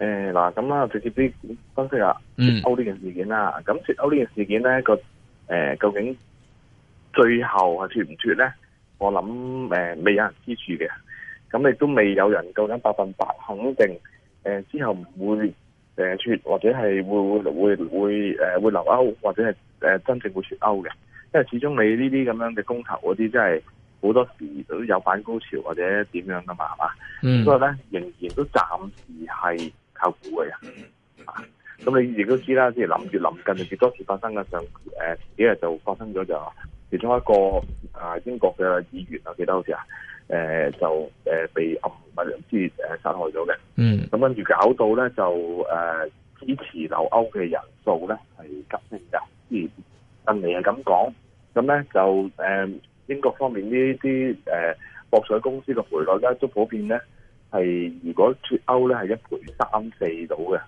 誒、嗱、嗯，咁啦、嗯，直接啲分析下，脫歐呢件事件啦，咁脫歐呢件事件咧個誒，究竟最後係脫唔脫咧？我諗誒，未有人知處嘅，咁你都未有人夠膽百分百肯定，誒之後唔會誒脫，或者係會會會會誒、呃、會留歐，或者係誒真正會脫歐嘅，因為始終你呢啲咁樣嘅公投嗰啲，真係好多時都有反高潮或者點樣噶嘛，係嘛、嗯？咁所以咧，仍然都暫時係。炒股嘅人，咁你亦都知啦，即係臨住臨近嘅幾多次發生嘅上誒幾日就發生咗就其中一個啊英國嘅議員啊，記得好似啊誒就誒被暗物質誒殺害咗嘅，嗯，咁跟住搞到咧就誒支持留歐嘅人數咧係急升㗎，之前近嚟係咁講，咁咧就誒英國方面呢啲誒博彩公司嘅賠率咧都普遍咧。係如果脫歐咧，係一賠三四到嘅，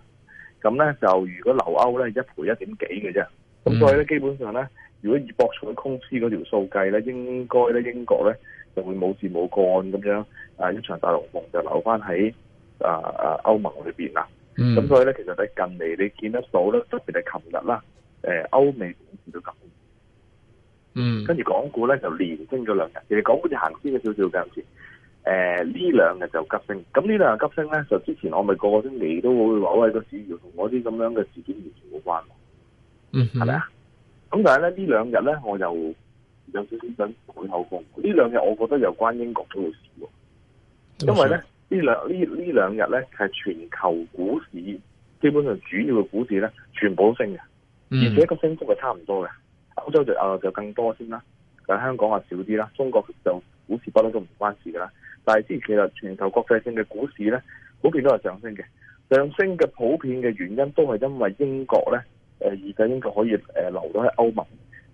咁咧就如果留歐咧，係一賠一點幾嘅啫。咁、嗯、所以咧，基本上咧，如果以博彩公司嗰條數計咧，應該咧英國咧就會冇事冇干咁樣，啊一場大龍鳳就留翻喺啊，啊歐盟裏邊啦。咁、嗯、所以咧，其實喺近嚟你見得到咧，特別係琴日啦，誒、呃、歐美股市就咁，嗯，跟住港股咧就連升咗兩日，其實港股就行先咗少少嘅今誒，呢、呃、兩日就急升，咁呢兩日急升咧，就之前我咪個個星期都會話喂個市要同嗰啲咁樣嘅事件完全冇關係，嗯，係咪啊？咁吧、嗯、但係咧呢兩日咧，我就有少少想轉口風，呢兩日我覺得有關英國嗰件事喎，因為咧呢、嗯、兩,兩呢呢兩日咧係全球股市基本上主要嘅股市咧全部都升嘅，嗯，而且個升幅係差唔多嘅，歐洲就啊、呃、就更多先啦，但香港啊少啲啦，中國就股市不嬲都唔關事噶啦。但係之前其實全球國際性嘅股市咧，普遍都係上升嘅。上升嘅普遍嘅原因都係因為英國咧，誒而家英國可以誒留到喺歐盟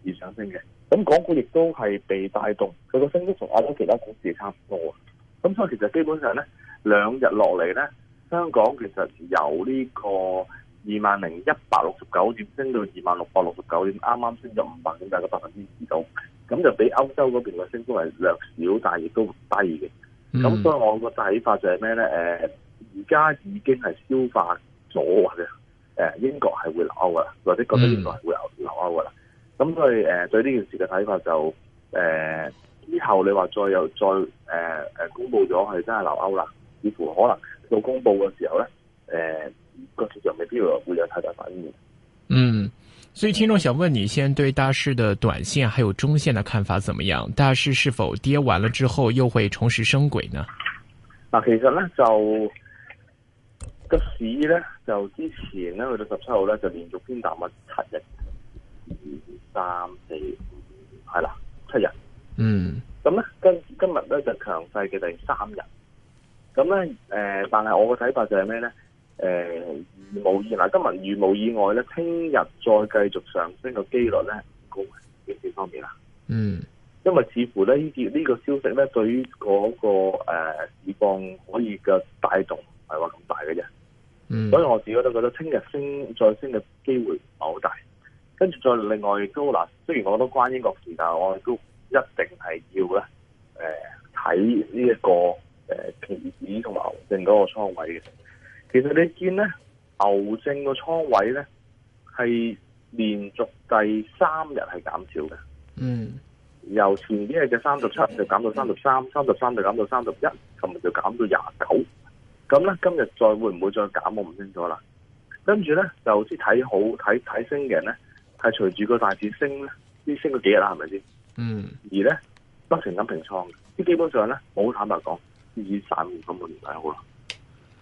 而上升嘅。咁港股亦都係被帶動，佢個升幅同亞洲其他股市差唔多啊。咁所以其實基本上咧，兩日落嚟咧，香港其實由呢個二萬零一百六十九點升到二萬六百六十九點，啱啱升咗五百點，大概百分之二度，咁就比歐洲嗰邊嘅升幅係略少，但係亦都低嘅。咁所以我個睇法就係咩咧？誒，而家已經係消化咗或者誒，英國係會留歐噶，或者覺得英國係會留留歐噶啦。咁佢誒對呢件事嘅睇法就誒，之後你話再有再誒誒公布咗係真係留歐啦，似乎可能到公布嘅時候咧，誒個市場未必會會有太大反應。嗯，嗯。嗯嗯嗯嗯所以聽眾想問你，先對大市的短線還有中線的看法怎麼樣？大市是否跌完了之後又會重拾升軌呢？嗱，其實咧就，這個市咧就之前咧去到十七號咧就連續偏淡咗七日，二三四五係啦七日，嗯，咁咧今今日咧就強勢嘅第三日，咁咧誒，但係我嘅睇法就係咩咧？誒，呃、如無，意今如無意外，今日無意外咧，聽日再繼續上升嘅幾率咧唔高。經濟方面啊，嗯，因為似乎咧呢啲呢、這個消息咧，對於嗰、那個誒市況可以嘅帶動唔係話咁大嘅啫。嗯，所以我自己都覺得聽日升再升嘅機會唔係好大。跟住再另外亦都嗱，雖然我都關英國事，但係我亦都一定係要咧，誒、呃，睇呢一個誒期指同埋定嗰個倉位嘅。其實你見咧，牛證個倉位咧係連續第三日係減少嘅。嗯，由前幾日嘅三十七就減到三十三，三十三就減到三十一，今日就減到廿九。咁咧，今日再會唔會再減我唔清楚啦。跟住咧，就啲睇好睇睇升嘅人咧，係隨住個大市升咧，先升咗幾日啦，係咪先？嗯。而咧，不停咁平倉，嘅。基本上咧，我好坦白講，以散戶咁嘅嚟睇好啦。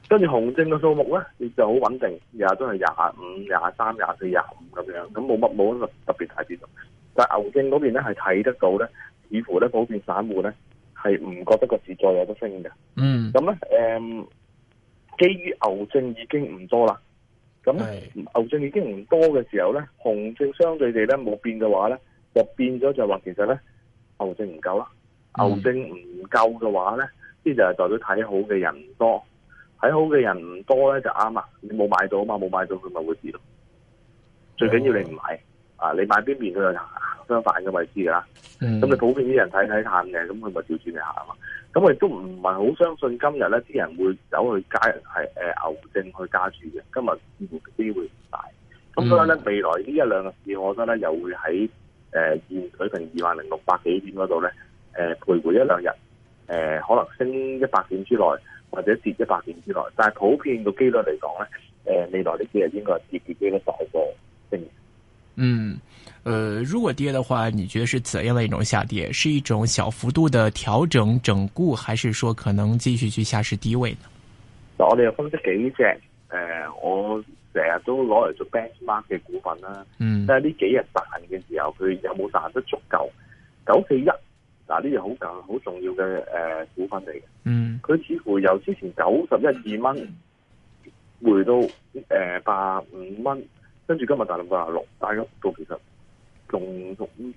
跟住紅證嘅數目咧，亦就好穩定，日日都係廿五、廿三、廿四、廿五咁樣，咁冇乜冇乜特別大變動。但係牛證嗰邊咧，係睇得到咧，似乎咧普遍散戶咧係唔覺得個市再有得升嘅、嗯。嗯。咁咧，誒，基於牛證已經唔多啦，咁是牛證已經唔多嘅時候咧，紅證相對地咧冇變嘅話咧，就變咗就話其實咧牛證唔夠啦，牛證唔夠嘅話咧，呢就係代表睇好嘅人唔多。睇好嘅人唔多咧，就啱啦。你冇買到啊嘛，冇買到佢咪會知咯。最緊要你唔買、哦、啊！你買邊邊佢又行相反嘅位置啦。咁、嗯、你普遍啲人睇睇探嘅，咁佢咪調轉你行啊嘛。咁我亦都唔係好相信今日咧，啲人會走去加，係、呃、誒牛證去加注嘅。今日機會唔大。咁所以咧，未來一呢、呃呢呃、一兩日，我覺得咧又會喺誒現水平二萬零六百幾點嗰度咧，誒徘徊一兩日，誒可能升一百點之內。或者跌一百點之內，但係普遍個幾率嚟講咧，誒、呃、未來呢幾日應該係跌跌嘅十個 percent 嗯，誒、呃、如果跌嘅話，你覺得是怎樣嘅一種下跌？是一種小幅度嘅調整整固，還是說可能繼續去下試低位呢？嗱，我哋又分析幾隻誒、呃，我成日都攞嚟做 benchmark 嘅股份啦，嗯，即係呢幾日彈嘅時候，佢有冇彈得足夠？九四一。嗱，呢啲好緊好重要嘅誒、呃、股份嚟嘅，佢、嗯、似乎由之前九十一二蚊，回到誒八十五蚊，跟住、嗯呃、今日大到八十六，大一到其實仲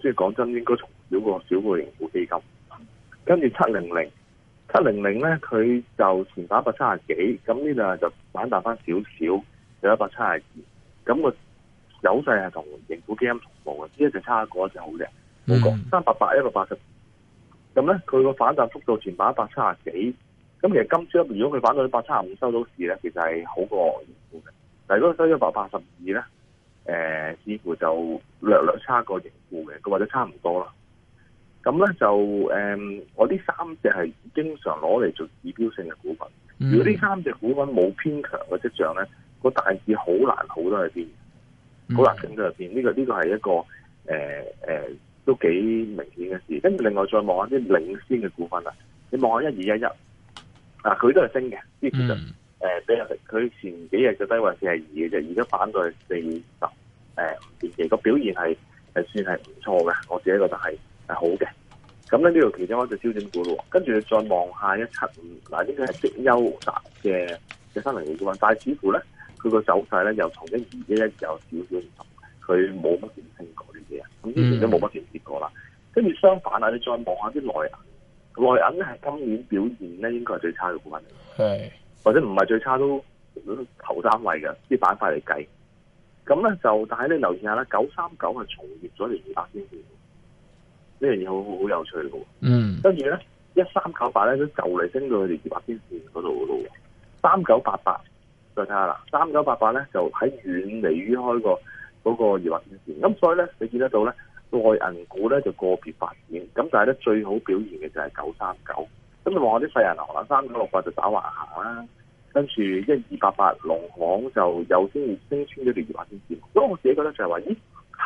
即係講真應該重少過少過盈富基金，嗯嗯嗯、跟住七零零七零零咧佢就前打一百七十幾，咁呢度就反彈翻少少，那個，有一百七十二，咁個走勢係同盈富基金同步嘅，呢一隻差，嗰一隻好嘅，冇講三百八一百八十。咁咧，佢個反彈幅度全反一百七廿幾，咁、嗯、其實今朝一，如果佢反彈到一百七廿五收到市咧，其實係好過盈富嘅。但係如果收一百八十二咧，似乎就略略差過盈富嘅，或者差唔多啦。咁、嗯、咧就誒、呃，我呢三隻係經常攞嚟做指標性嘅股份。如果呢三隻股份冇偏強嘅跡象咧，個大市好難好得去邊。好難整得入邊？呢、呢個呢、呢個係一個誒、呃呃都幾明顯嘅事，跟住另外再望下啲領先嘅股份啦，你望下一二一一啊，佢都係升嘅，即係其實誒比較，佢、呃、前幾日嘅低位四十二嘅啫，而家反到係四十，誒前期個表現係係算係唔錯嘅，我自己覺得係係好嘅。咁咧呢度其中一隻焦點股咯，跟住再望下一七五嗱，呢個係績優達嘅嘅三零零股份，但係似乎咧佢個走勢咧又同一二一一有少少唔同，佢冇乜點升過。咁之前都冇乜提示過啦，跟住相反啦，你再望下啲內銀，內銀咧係今年表現咧，應該係最差嘅股份嚟，是或者唔係最差都頭三位嘅啲板塊嚟計，咁咧就但係你留意下啦，九三九係重越咗年二百天線，呢樣嘢好好有趣嘅，嗯，跟住咧一三九八咧都就嚟升到去年二百天線嗰度嘅咯，三九八八再睇下啦，三九八八咧就喺遠離於開個。嗰個二百點線，咁所以咧，你見得到咧，內銀股咧就個別發展，咁但係咧最好表現嘅就係九三九。咁你話我啲細人啊，三九六八就打橫行啦、啊，跟住一二八八農行就有先升穿咗條二百點線。咁我自己覺得就係話，咦，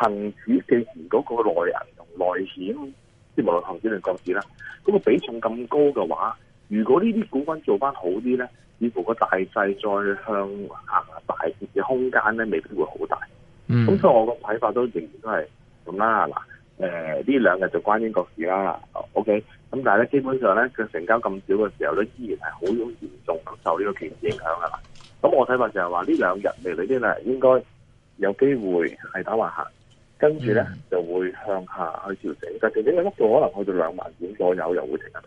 恆指既然嗰個內銀同內險，即無論恆指定個股啦，嗰、嗰個比重咁高嘅話，如果呢啲股份做翻好啲咧，似乎個大勢再向下行大跌嘅空間咧，未必會好大。咁、嗯、所以我個睇法都仍然都係咁啦嗱，誒呢、呃、兩日就關英國事啦、啊，OK，咁但係咧基本上咧佢成交咁少嘅時候咧，依然係好嚴重受呢個期市影響噶啦。咁我睇法就係話呢兩日未嚟啲咧應該有機會係打橫行，跟住咧、嗯、就會向下去調整，但調整有乜嘅可能去到兩萬點左右又會停緊。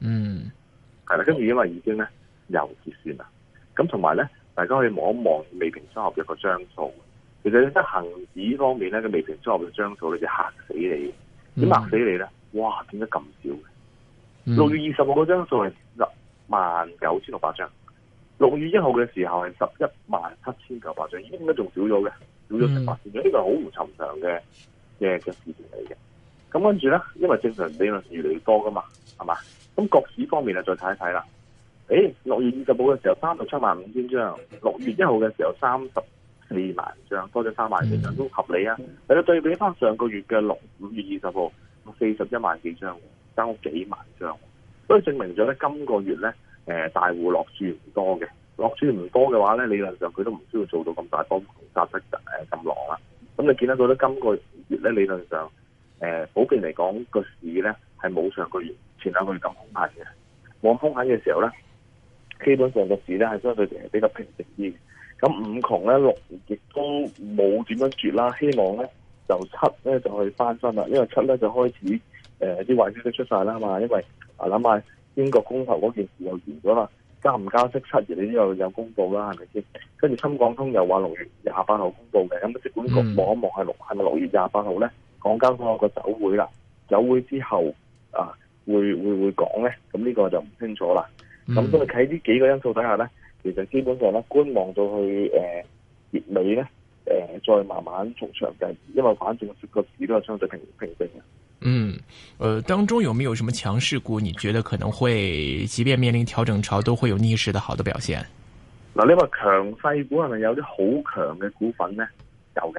嗯，係啦，跟住因為已經咧又結算啦，咁同埋咧大家可以望一望未平倉合約個張數。其實咧，喺恒指方面咧，佢未平倉嘅張數你就吓死你。點吓死你咧？嗯、哇，點解咁少嘅？六月二十號嗰張數係十萬九千六百張，六月一號嘅時候係十一萬七千九百張，應該仲少咗嘅？少咗成八千張，所以呢個好唔尋常嘅嘅嘅事件嚟嘅。咁跟住咧，因為正常理論越嚟越多噶嘛，係嘛？咁國指方面啊，再睇一睇啦。誒，六月二十號嘅時候三十七萬五千張，六月一號嘅時候三十。二萬張，多咗三萬幾張都合理啊！你對比翻上，上個月嘅六五月二十號，四十一萬幾張，爭幾萬張，所以證明咗咧，今、這個月咧，誒、呃、大戶落注唔多嘅，落注唔多嘅話咧，理論上佢都唔需要做到咁大波殺得誒咁狼啦。咁、啊、你見得到咧，今個月咧理論上，誒、呃、普遍嚟講個市咧係冇上個月前兩個月咁空閒嘅，冇空閒嘅時候咧，基本上個市咧係相對係比較平靜啲。咁五窮咧六亦都冇點樣絕啦，希望咧就七咧就去翻身啦，因為七咧就開始誒啲、呃、壞消息出晒啦嘛，因為啊諗下英國公投嗰件事又完咗啦，加唔加息七月你都有有公佈啦，係咪先？跟住深港通又話六月廿八號公佈嘅，咁啊即管局望一望係六係咪六月廿八號咧？港交所個酒會啦，酒會之後啊會唔會講咧，咁呢個就唔清楚啦。咁都係喺呢幾個因素底下咧。其實基本上咧，觀望到去誒月、呃、尾咧，誒、呃、再慢慢從上嘅。因為反正個市都係相對平平靜嘅。嗯，誒、呃、當中有沒有什麼強勢股？你覺得可能會，即便面臨調整潮，都會有逆勢嘅好的表現？嗱，你話強勢股係咪有啲好強嘅股份咧？有嘅，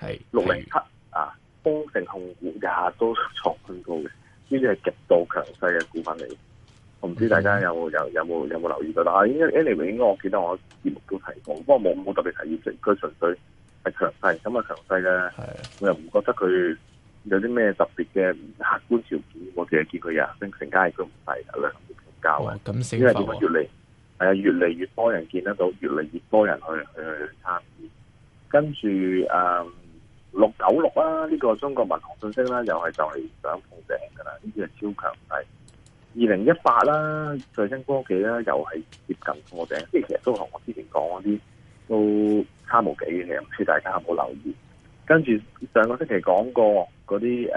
係六零七啊，豐盛控股也都創最高嘅，呢啲係極度強勢嘅股份嚟。我唔知大家有冇、嗯、有冇有冇留意到啦？Anyway，應該我記得我節目都提過，不過冇冇特別提議，佢純粹係強勢。咁啊強勢咧，我又唔覺得佢有啲咩特別嘅客觀條件。我淨係見佢日升成街佢唔係，兩條成交啊！咁先因為點解越嚟係啊，越嚟越多人見得到，越嚟越多人去越越多人去越越參與。跟住誒六九六啦，呢、嗯啊呢個中國民航信息啦、啊，又係就係想破頂噶啦，呢啲係超強勢。二零一八啦，最新科技啦，又係接近破頂，即係其實都同我之前講嗰啲都差無幾嘅，唔知大家有冇留意？跟住上個星期講過嗰啲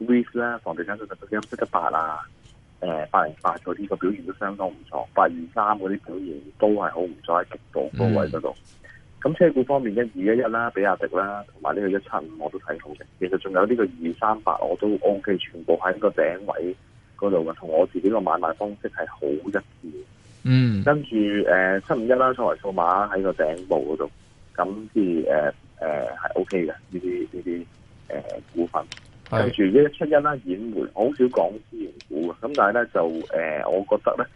誒，Vista 啦，房地產嗰隻都啱七一八啊，誒八零八嗰啲個表現都相當唔錯，八二三嗰啲表現都係好唔錯喺極度高位嗰度。咁車股方面，一二一一啦，比亞迪啦，同埋呢個一七五我都睇到嘅。其實仲有呢個二三八我都 O K，全部喺個頂位。嗰度嘅同我自己個買賣方式係好一致嘅，嗯，跟住誒七五一啦，作為數碼喺個頂部嗰度，咁啲誒誒係 O K 嘅呢啲呢啲誒股份，呃呃 OK 呃、是跟住一一七一啦，兗煤好少講資源股嘅，咁但係咧就誒、呃，我覺得咧，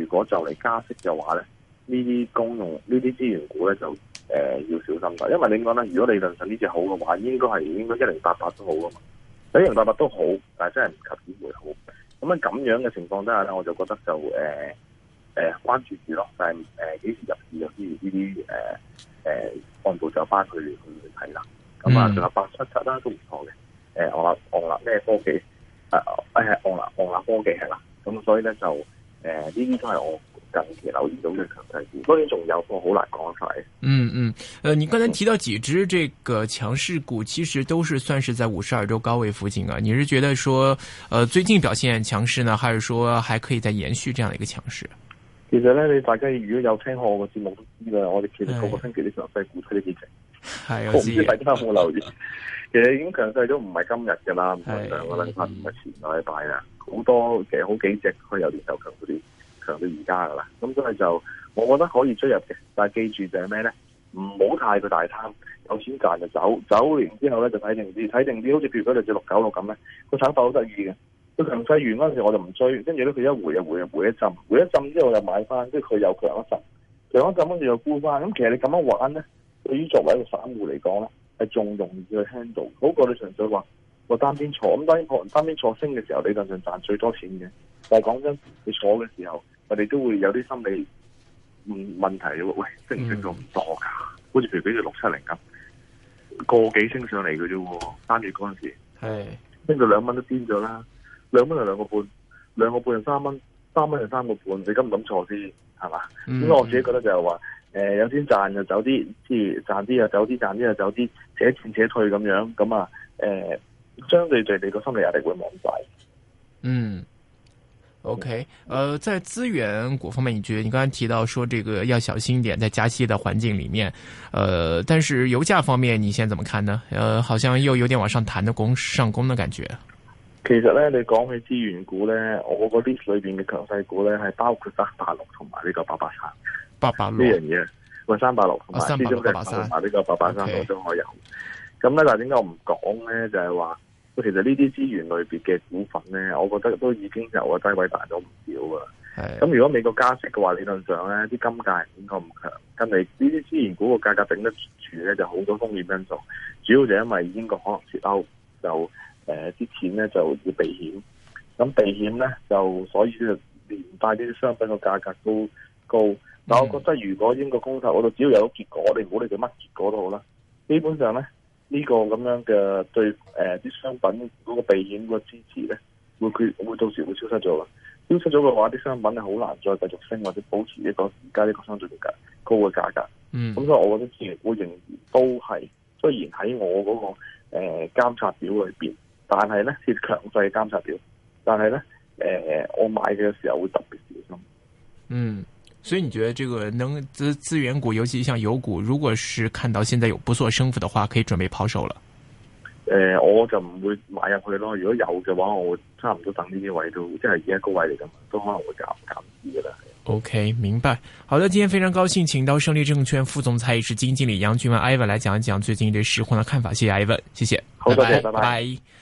如果就嚟加息嘅話咧，呢啲公用呢啲資源股咧就誒、呃、要小心噶，因為你講咧，如果理論上呢隻好嘅話，應該係應該一零八八都好噶嘛，一零八八都好，但係真係唔及兗煤好。咁樣咁樣嘅情況之下咧，我就覺得就誒誒關注住咯，但係誒幾時入市啊？譬如呢啲誒誒按部就班去去睇啦。咁啊，仲有百七七啦，都唔錯嘅。我昂昂立咩科技啊？誒，昂立昂立科技係啦。咁所以咧就誒，呢啲都係我。近期留意咁嘅強勢股，當然仲有個好難講晒、嗯。嗯嗯，誒，你剛才提到幾隻這個強勢股，其實都是算是在五十二周高位附近啊。你是覺得說，呃最近表現強勢呢，還是說還可以再延續這樣的一個強勢？其實咧，你大家如果有聽我個節目都知噶，我哋其實個個星期啲強勢股推有幾隻，係唔知大家有冇留意？啊、其實已經強勢都唔係今日噶啦，兩個禮拜唔係前個禮拜啊，好多其實好幾隻可以有連續強嗰啲。強到而家噶啦，咁所以就，就我覺得可以追入嘅，但係記住就係咩咧？唔好太過大貪，有錢賺就走，走完之後咧就睇定啲，睇定啲，好似譬如嗰兩隻六九六咁咧，個炒法好得意嘅。佢強勢完嗰陣時我就唔追，跟住咧佢一回一回啊，回一浸，回一浸之後我又買翻，跟住佢又強一浸，強一浸跟住又沽翻。咁其實你咁樣玩咧，對於作為一個散戶嚟講咧，係仲容易去 handle，好過你純粹話個單邊坐。咁當然，單邊坐升嘅時候你就算賺最多錢嘅，但係講真，你坐嘅時候。我哋都會有啲心理問題喎，喂，升唔升到咁多噶？好似、嗯、譬如俾佢六七零咁，個幾升上嚟嘅啫喎，三月嗰陣時候，是升到兩蚊都癲咗啦，兩蚊就兩個半，兩個半就三蚊，三蚊就三個半，你敢唔敢坐先係嘛？咁、嗯、我自己覺得就係、是、話，誒、呃、有錢賺就走啲，即係賺啲就走啲，賺啲就走啲，且戰且退咁樣，咁啊誒，相、呃、對地你個心理壓力會冇咁大。嗯。O、okay, K，呃，在資源股方面，你覺得你剛才提到說這個要小心一點，在加息的環境裏面，呃，但是油價方面，你現在怎麼看呢？呃，好像又有點往上彈的攻上攻的感覺。其實呢，你講起資源股呢，我嗰啲裏邊嘅強勢股呢係包括這三,八八這三八六同埋呢個八八三、八八六呢樣嘢，我三八六同埋八中嘅同埋呢個八八三都都有。咁呢，但係點解我唔講呢？就係、是、話。其實呢啲資源類別嘅股份呢，我覺得都已經由個低位大咗唔少噶。咁的如果美國加息嘅話，理論上呢啲金價係應該唔強。咁你呢啲資源股個價格頂得住呢，就好多風險因素。主要就是因為英國可能脱歐，就誒啲、呃、錢呢就要避險。咁避險呢，就所以就連帶啲商品個價格都高。高嗯、但我覺得如果英國公投嗰度只要有個結果，你唔好理佢乜結果都好啦。基本上呢。呢個咁樣嘅對誒啲、呃、商品嗰個避險個支持咧，會缺會到時會，會消失咗嘅。消失咗嘅話，啲商品係好難再繼續升或者保持一個而家呢個相對嚟講高嘅價格。嗯，咁、嗯、所以，我覺得資源股仍然都係雖然喺我嗰、那個誒監、呃、察表裏邊，但係咧是強勢監察表，但係咧誒我買嘅時候會特別小心。嗯。所以你覺得這個能資資源股，尤其像油股，如果是看到現在有不錯升幅的話，可以準備拋售了。誒、呃，我就唔會買入去咯。如果有嘅話，我差唔多等呢啲位都即係而家高位嚟噶嘛，都可能會減減啲噶啦。OK，明白。好的，今天非常高興請到勝利證券副總裁也是基金經理楊俊文 Ivan 來講一講最近對市況的看法。謝謝 Ivan，謝謝，拜拜拜拜。